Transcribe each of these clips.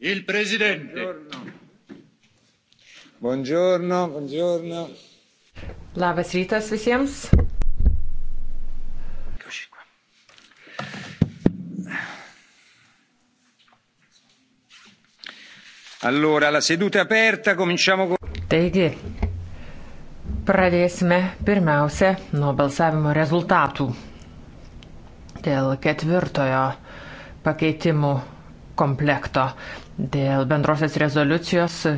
Il Presidente. Buongiorno, buongiorno. Labas rytas visiems. Allora, la seduta è aperta, cominciamo con... Taigi, pradėsime pirmiausia nuo balsavimo rezultatų dėl ketvirtojo pakeitimų komplekto dėl bendrosios rezoliucijos e,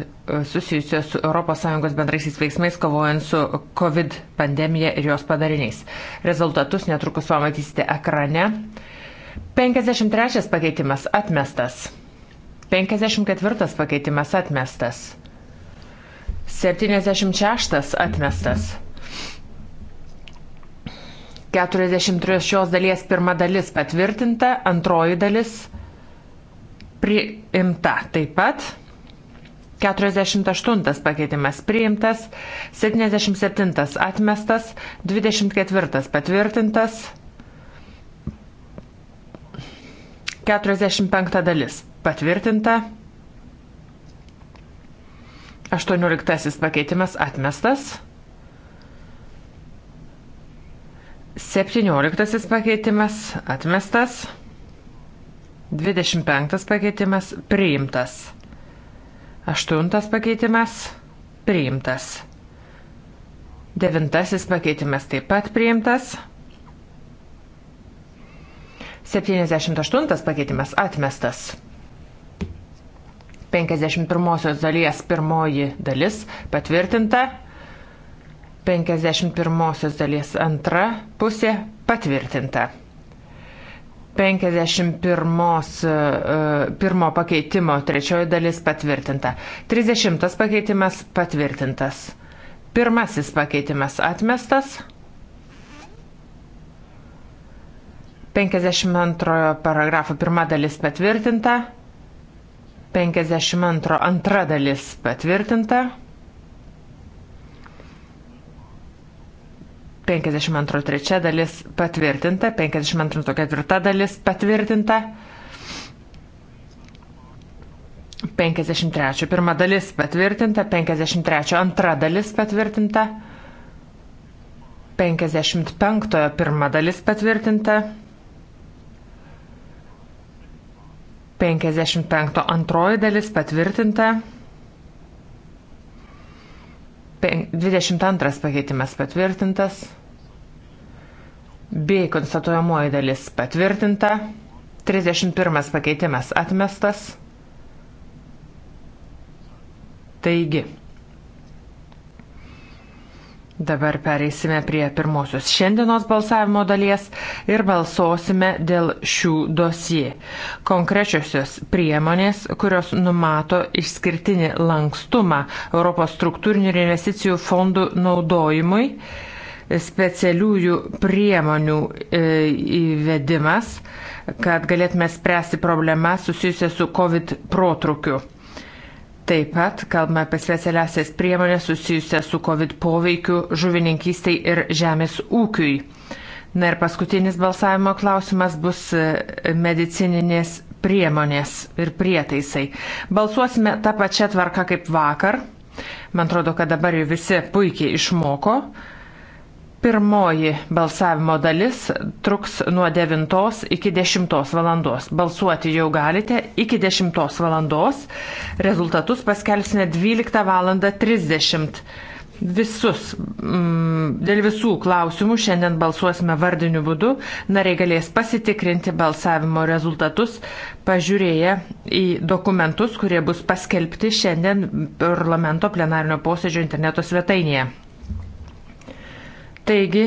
susijusios su ES bendraisiais veiksmais kovojant su COVID pandemija ir jos padariniais. Rezultatus netrukus pamatysite ekrane. 53 pakeitimas atmestas. 54 pakeitimas atmestas. 76 atmestas. 43 šios dalies pirma dalis patvirtinta, antroji dalis atmestas priimta. Taip pat 48 pakeitimas priimtas, 77 atmestas, 24 patvirtintas, 45 dalis patvirtinta, 18 pakeitimas atmestas, 17 pakeitimas atmestas. 25 pakeitimas priimtas. 8 pakeitimas priimtas. 9 pakeitimas taip pat priimtas. 78 pakeitimas atmestas. 51 dalies pirmoji dalis patvirtinta. 51 dalies antra pusė patvirtinta. 51 e, pirmo pakeitimo trečioji dalis patvirtinta. 30 pakeitimas patvirtintas. Pirmasis pakeitimas atmestas. 52 paragrafo pirma dalis patvirtinta. 52 antra dalis patvirtinta. 52 trečia dalis patvirtinta, 52 ketvirta dalis patvirtinta, 53 pirma dalis patvirtinta, 53 antra dalis patvirtinta, 55 pirma dalis patvirtinta, 55 antroji dalis patvirtinta, 22 pakeitimas patvirtintas. B konstatuojamoji dalis patvirtinta. 31 pakeitimas atmestas. Taigi, dabar pereisime prie pirmosios šiandienos balsavimo dalies ir balsuosime dėl šių dosijų. Konkrečiosios priemonės, kurios numato išskirtinį lankstumą Europos struktūrinių ir investicijų fondų naudojimui specialiųjų priemonių e, įvedimas, kad galėtume spręsti problemą susijusią su COVID protrukiu. Taip pat kalbame apie specialiasias priemonės susijusią su COVID poveikiu žuvininkystai ir žemės ūkiui. Na ir paskutinis balsavimo klausimas bus e, medicininės priemonės ir prietaisai. Balsuosime tą pačią tvarką kaip vakar. Man atrodo, kad dabar jau visi puikiai išmoko. Pirmoji balsavimo dalis truks nuo 9 iki 10 valandos. Balsuoti jau galite iki 10 valandos. Rezultatus paskelbsime 12 val. 30. Visus, mm, dėl visų klausimų šiandien balsuosime vardiniu būdu. Nariai galės pasitikrinti balsavimo rezultatus, pažiūrėję į dokumentus, kurie bus paskelbti šiandien parlamento plenarinio posėdžio interneto svetainėje. Taigi,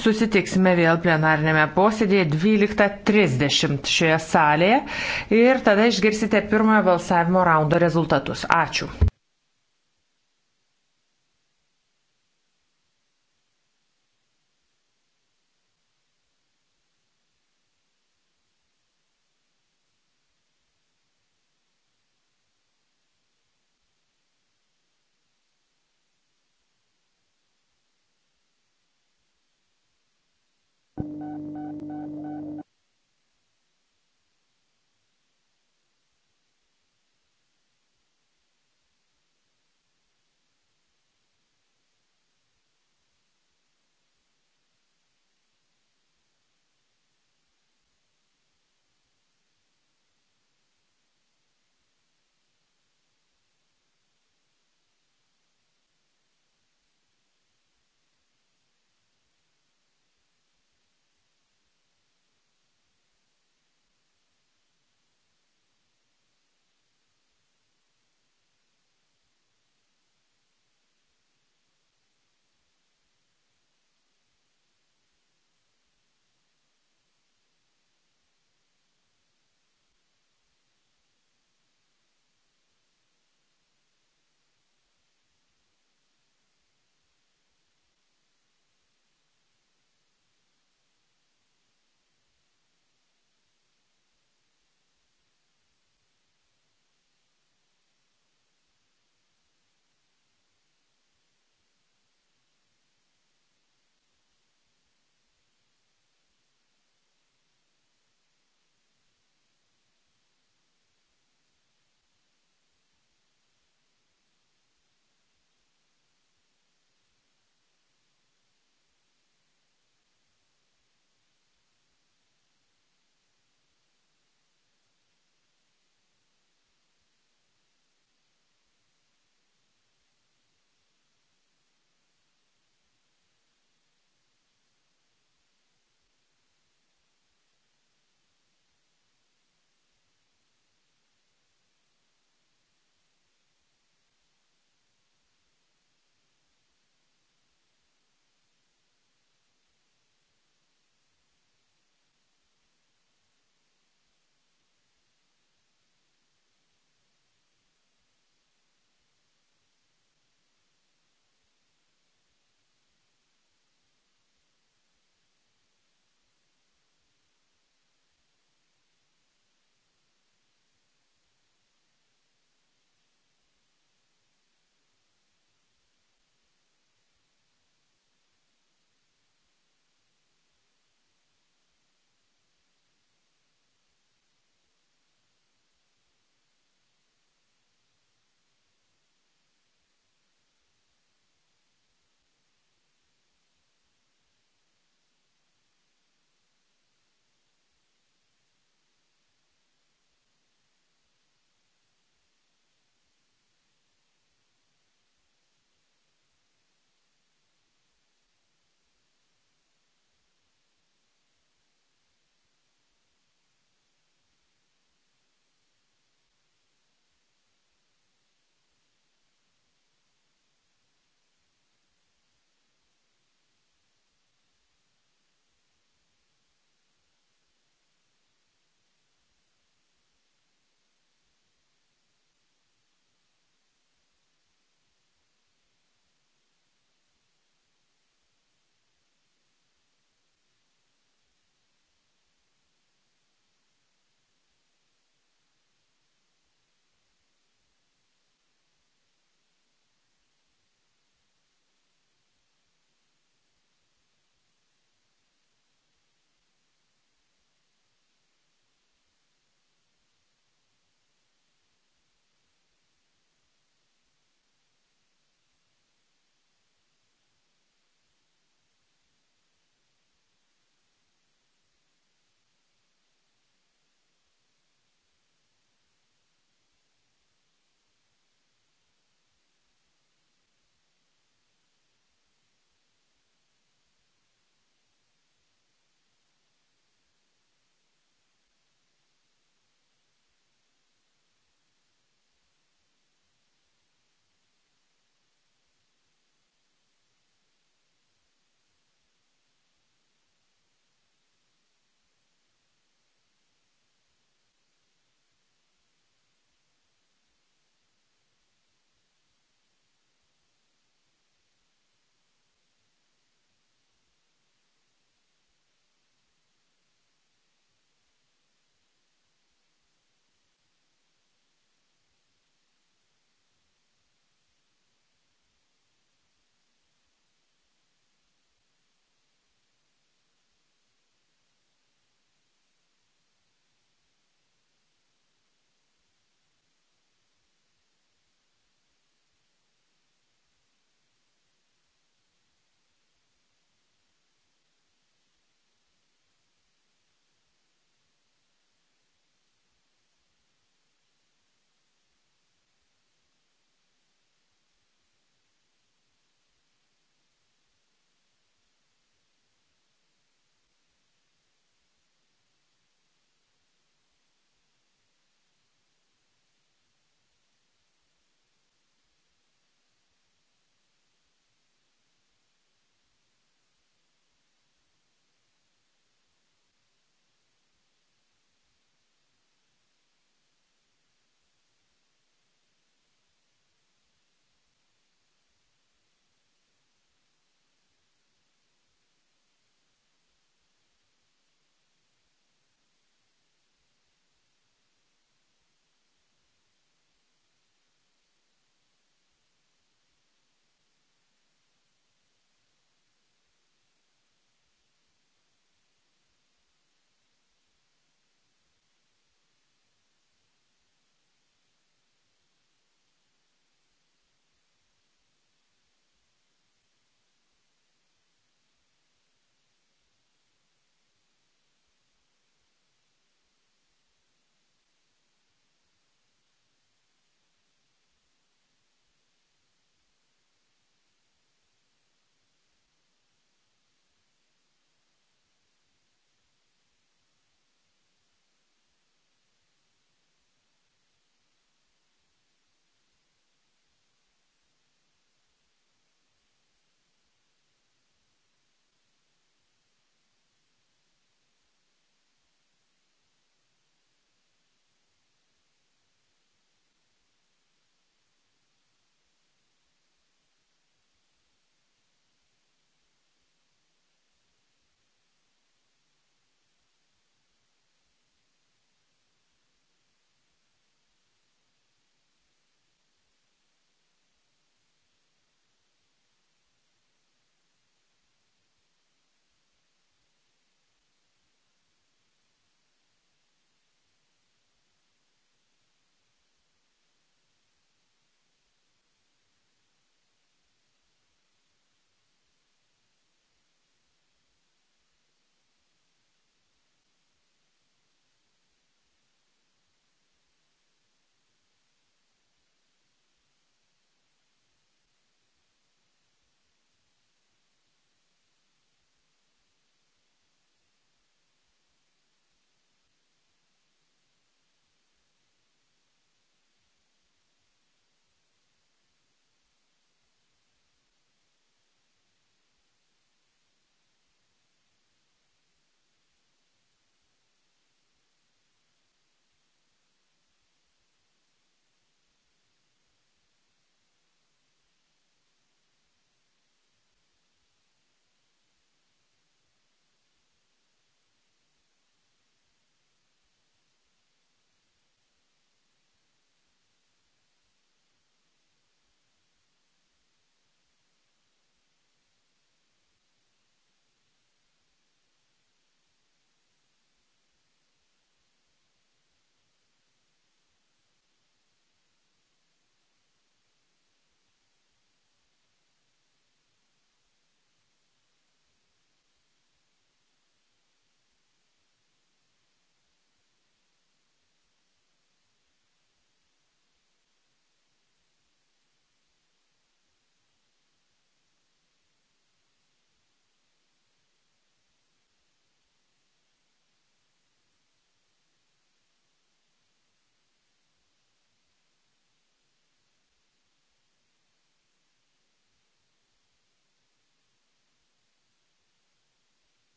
susitiksime vėl plenarnėme posėdėje 12.30 šioje salėje ir tada išgirsite pirmojo balsavimo raundo rezultatus. Ačiū.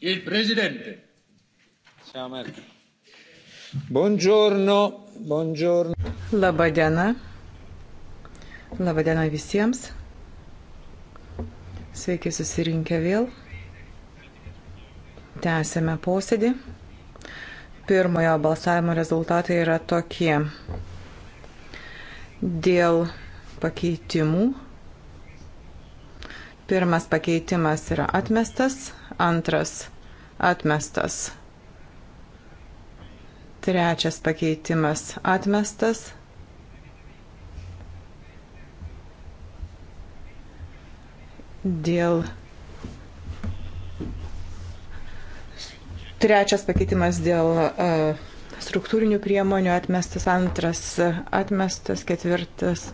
Il presidente. Ciao Marco. Buongiorno. Buongiorno. Labą dieną. Labą dieną visiems. Sveiki susirinkę vėl. Tęsėme posėdį. Pirmojo balsavimo rezultatai yra tokie. Dėl pakeitimų. Pirmas pakeitimas yra atmestas. Antras atmestas. Trečias pakeitimas atmestas. Dėl Trečias pakeitimas dėl uh, struktūrinių priemonių atmestas, antras atmestas, ketvirtas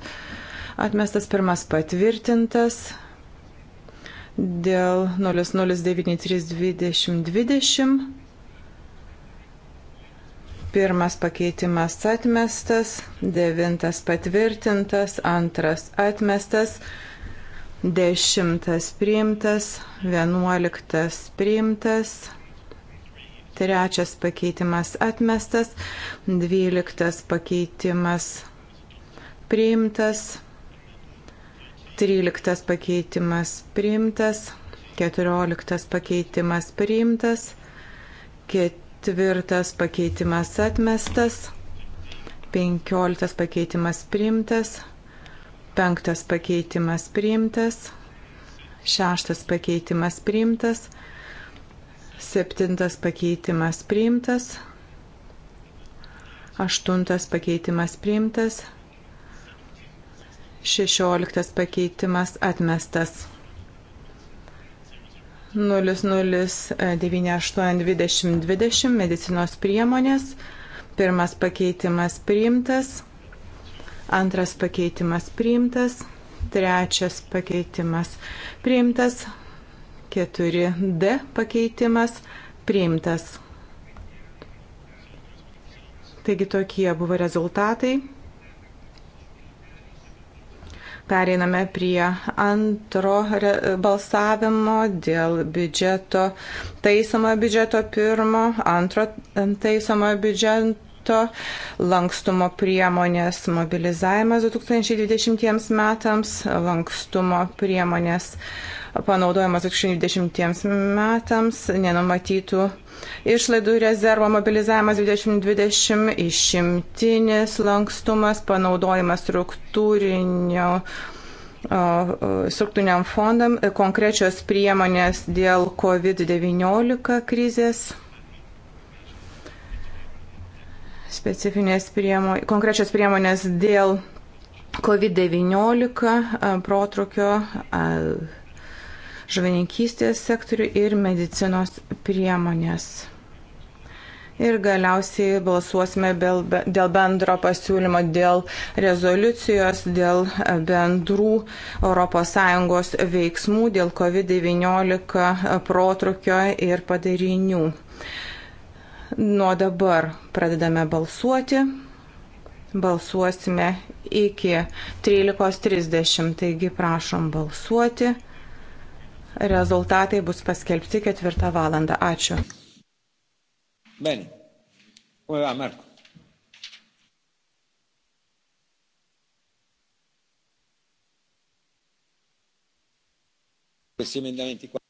atmestas, pirmas patvirtintas, dėl 00932020. Pirmas pakeitimas atmestas, devintas patvirtintas, antras atmestas, dešimtas priimtas, vienuoliktas priimtas, trečias pakeitimas atmestas, dvyliktas pakeitimas priimtas. 13 pakeitimas priimtas, 14 pakeitimas priimtas, 4 pakeitimas atmestas, 15 pakeitimas priimtas, 5 pakeitimas priimtas, 6 pakeitimas priimtas, 7 pakeitimas priimtas, 8 pakeitimas priimtas, 16 pakeitimas atmestas. 00982020 e, medicinos priemonės. Pirmas pakeitimas priimtas. Antras pakeitimas priimtas. Trečias pakeitimas priimtas. 4D pakeitimas priimtas. Taigi tokie buvo rezultatai. Pereiname prie antro balsavimo dėl biudžeto, taisomojo biudžeto pirmo, antro taisomojo biudžeto, lankstumo priemonės mobilizavimas 2020 metams, lankstumo priemonės panaudojimas 2020 metams, nenumatytų Išlaidų rezervo mobilizavimas 2020, išimtinis lankstumas, panaudojimas struktūrinio struktūriniam fondam, konkrečios priemonės dėl COVID-19 krizės specifinės priemonės, konkrečios priemonės dėl COVID-19 protrukio žuvininkystės sektorių ir medicinos priemonės. Ir galiausiai balsuosime dėl bendro pasiūlymo, dėl rezoliucijos, dėl e, bendrų ES veiksmų, dėl COVID-19 e, protrukio ir padarinių. Nuo dabar pradedame balsuoti. Balsuosime iki 13.30, taigi prašom balsuoti. Rezultatai bus paskelbti ketvirtą valandą. Ačiū. Bene. Come va, Marco? Questi emendamenti qua.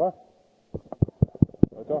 va. Ata.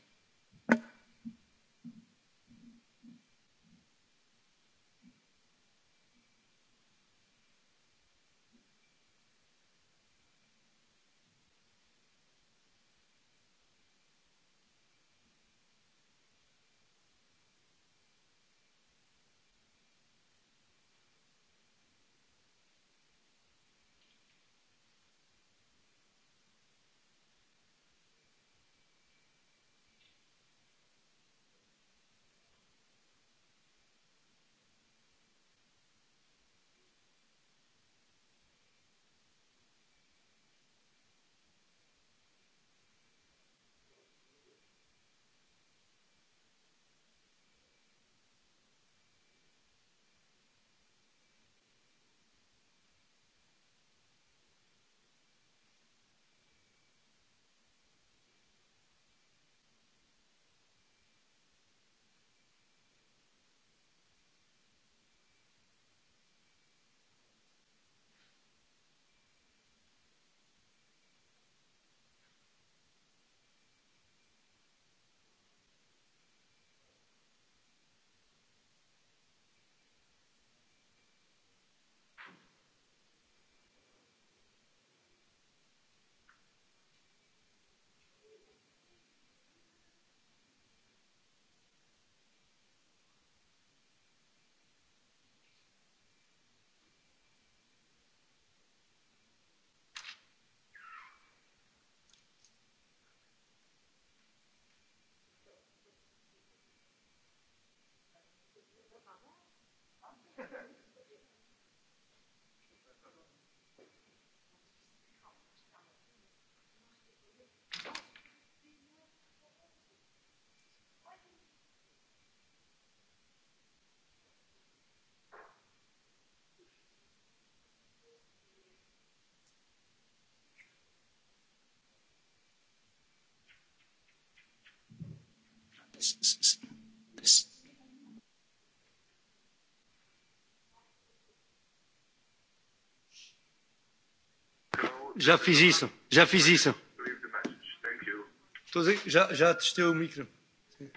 Já fiz isso, já fiz isso. Estou a dizer, já, já testei o micro. Sim.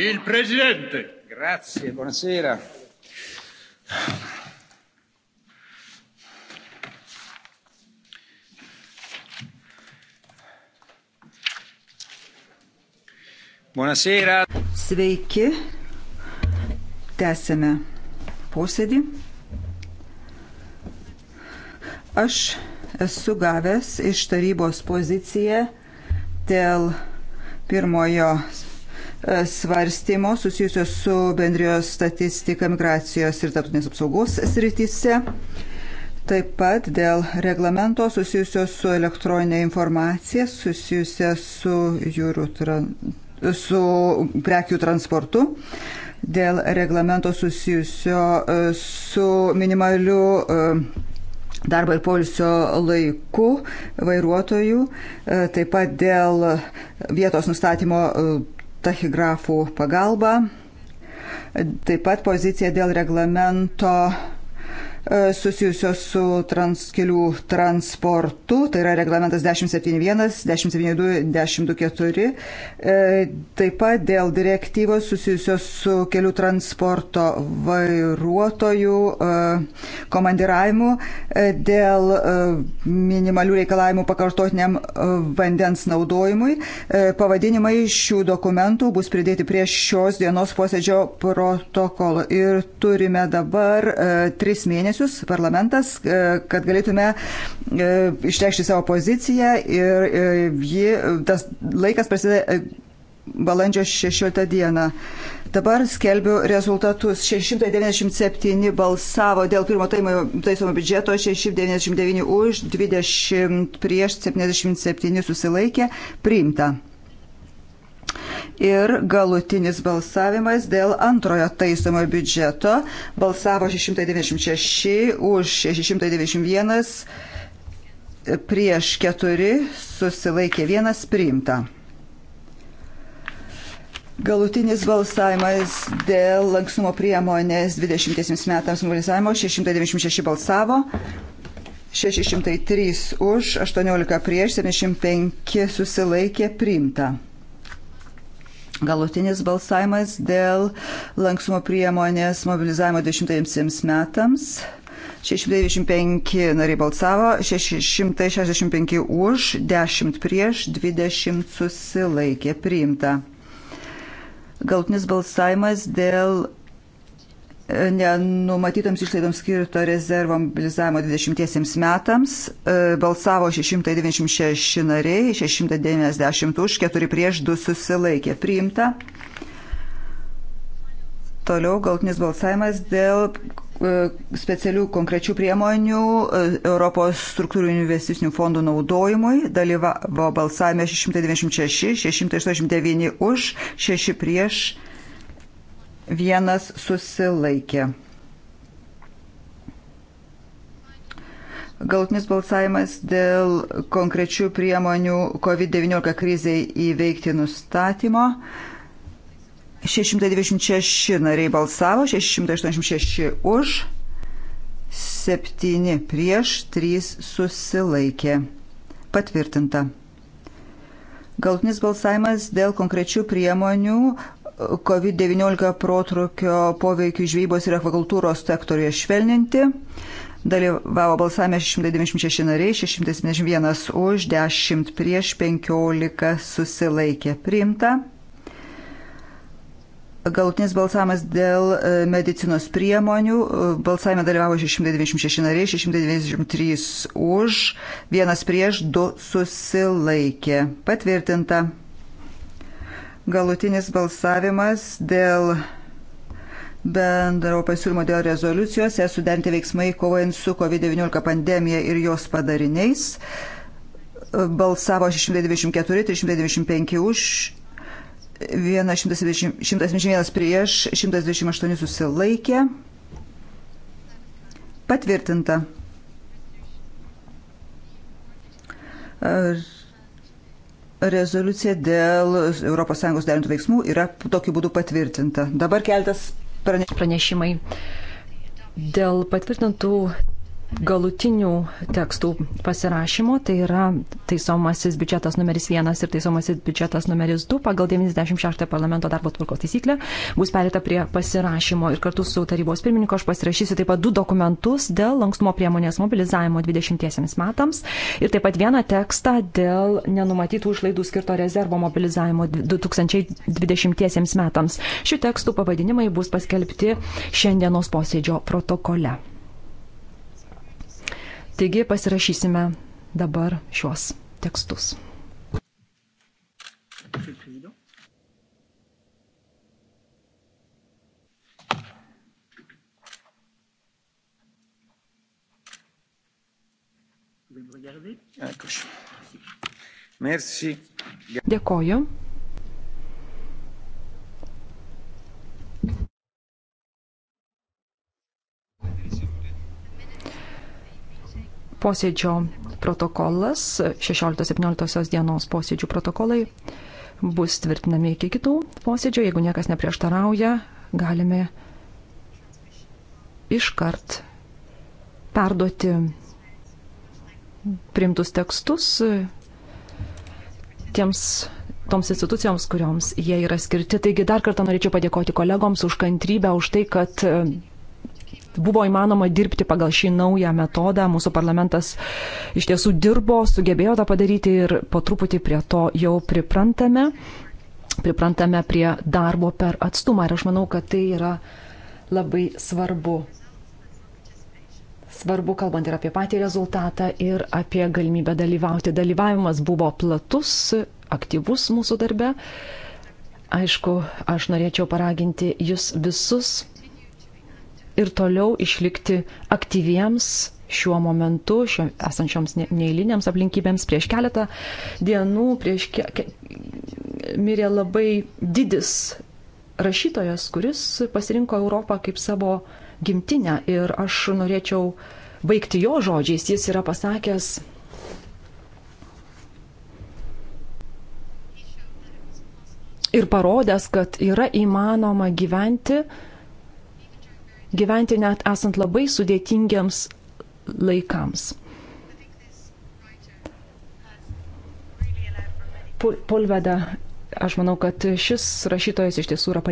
Il Presidente. Grazie, buonasera. Buonasera. Sveiki. Tęsėme posėdį. Aš esu gavęs iš tarybos poziciją dėl pirmojo svarstymo susijusios su bendrijos statistika migracijos ir tarptautinės apsaugos srityse. Taip pat dėl reglamento susijusio su elektroninė informacija, susijusio su, jūrų, su prekių transportu, dėl reglamento susijusio e, su minimaliu e, darbo ir polisio laiku vairuotojų, e, taip pat dėl vietos nustatymo tachigrafų pagalba. Taip pat pozicija dėl reglamento E, susijusios su trans, kelių transportu, tai yra reglamentas 1071, 1072, 1024, taip pat dėl direktyvos susijusios su kelių transporto vairuotojų e, komandiravimu, e, dėl minimalių reikalavimų pakartotiniam vandens naudojimui. Pavadinimai šių dokumentų bus pridėti prie šios dienos posėdžio protokolo ir turime dabar tris mėnesius mėnesius parlamentas, e, kad galėtume e, išreikšti savo poziciją ir e, ji, tas laikas prasideda balandžio 16 dieną. Dabar skelbiu rezultatus. 697 balsavo dėl pirmo taisomo biudžeto, 699 už, 20 prieš, 77 susilaikė, priimta ir galutinis balsavimas dėl antrojo taisomo biudžeto balsavo 696 už 691, prieš 4 susilaikė vienas priimta. Galutinis balsavimas dėl lankstumo priemonės 20 metams mobilizavimo 696 balsavo, 603 už, 18 prieš, 75 susilaikė priimta. Galutinis balsavimas dėl lankstumo priemonės mobilizavimo 10 metams. 625 nariai balsavo, 665 už, 10 prieš, 20 susilaikė priimta. Galutinis balsavimas dėl nenumatytoms išlaidoms skirto rezervo mobilizavimo 20 metams e, balsavo 696 nariai, 690 už, 4 prieš 2 susilaikė. Priimta. Toliau galtinis balsavimas dėl e, specialių konkrečių priemonių e, Europos struktūrinių investicinių fondų naudojimui. Dalyvavo balsavime 696, 689 už, 6 prieš 2 vienas susilaikė. Galutinis balsavimas dėl konkrečių priemonių COVID-19 kriziai įveikti nustatymo. 626 nariai balsavo, 686 už, 7 prieš, 3 susilaikė. Patvirtinta. Galutinis balsavimas dėl konkrečių priemonių COVID-19 protrukio poveikių žvejybos ir akvakultūros sektoriuje švelninti. Dalyvavo balsavime 696 nariai, 671 už, 10 prieš, 15 susilaikė priimta. Galutinis balsavimas dėl e, medicinos priemonių. Balsavime dalyvavo 696 nariai, 693 už, vienas prieš, du susilaikė. Patvirtinta galutinis balsavimas dėl bendro pasiūlymo dėl rezoliucijos, es suderinti veiksmai kovojant su COVID-19 pandemija ir jos padariniais. Balsavo 624, 395 už, 121 prieš, 128 susilaikė. Patvirtinta. Ar rezoliucija dėl ES derintų veiksmų yra tokiu būdu patvirtinta. Dabar keltas pranešimai. Dėl patvirtintų galutinių tekstų pasirašymo, tai yra taisomasis biudžetas numeris 1 ir taisomasis biudžetas numeris 2 pagal 96 parlamento darbo tvarkos taisyklę, bus perėta prie pasirašymo ir kartu su tarybos pirmininku aš pasirašysiu taip pat du dokumentus dėl lankstumo priemonės mobilizavimo 20 metams ir taip pat vieną tekstą dėl nenumatytų išlaidų skirto rezervo mobilizavimo 2020 metams. Šių tekstų pavadinimai bus paskelbti šiandienos posėdžio protokole. Taigi pasirašysime dabar šiuos tekstus. Dėkoju. posėdžio protokolas, 16-17 dienos posėdžių protokolai bus tvirtinami iki kitų posėdžių. Jeigu niekas neprieštarauja, galime iškart perduoti primtus tekstus tiems toms institucijoms, kurioms jie yra skirti. Taigi dar kartą norėčiau padėkoti kolegoms už kantrybę, už tai, kad buvo įmanoma dirbti pagal šį naują metodą. Mūsų parlamentas iš tiesų dirbo, sugebėjo tą padaryti ir po truputį prie to jau priprantame. Priprantame prie darbo per atstumą ir aš manau, kad tai yra labai svarbu. Svarbu, kalbant ir apie patį rezultatą, ir apie galimybę dalyvauti. Dalyvavimas buvo platus, aktyvus mūsų darbe. Aišku, aš norėčiau paraginti jūs visus ir toliau išlikti aktyviems šiuo momentu, šio, esančioms neįliniams aplinkybėms. Prieš keletą dienų prieš ke, ke, mirė labai didis rašytojas, kuris pasirinko Europą kaip savo gimtinę. Ir aš norėčiau baigti jo žodžiais. Jis yra pasakęs, ir parodęs, kad yra įmanoma gyventi gyventi net esant labai sudėtingiams laikams. Polveda, aš manau, kad šis rašytojas iš tiesų yra